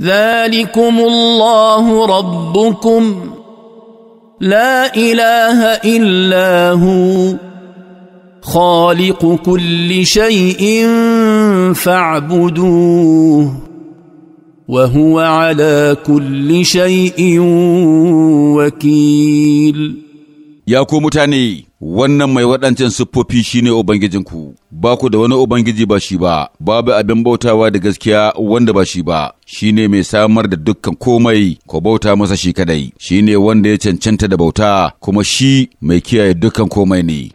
ذلكم الله ربكم لا اله الا هو خالق كل شيء فاعبدوه وهو على كل شيء وكيل Ya ku mutane, wannan mai waɗancan siffofi shine Ubangijinku, ba ku da wani Ubangiji ba shi ba, babu abin bautawa da gaskiya wanda ba shi ba, shi ne mai samar da dukkan komai, ko bauta masa shi kadai, shi ne wanda ya cancanta da bauta, kuma shi mai kiyaye dukkan komai ne.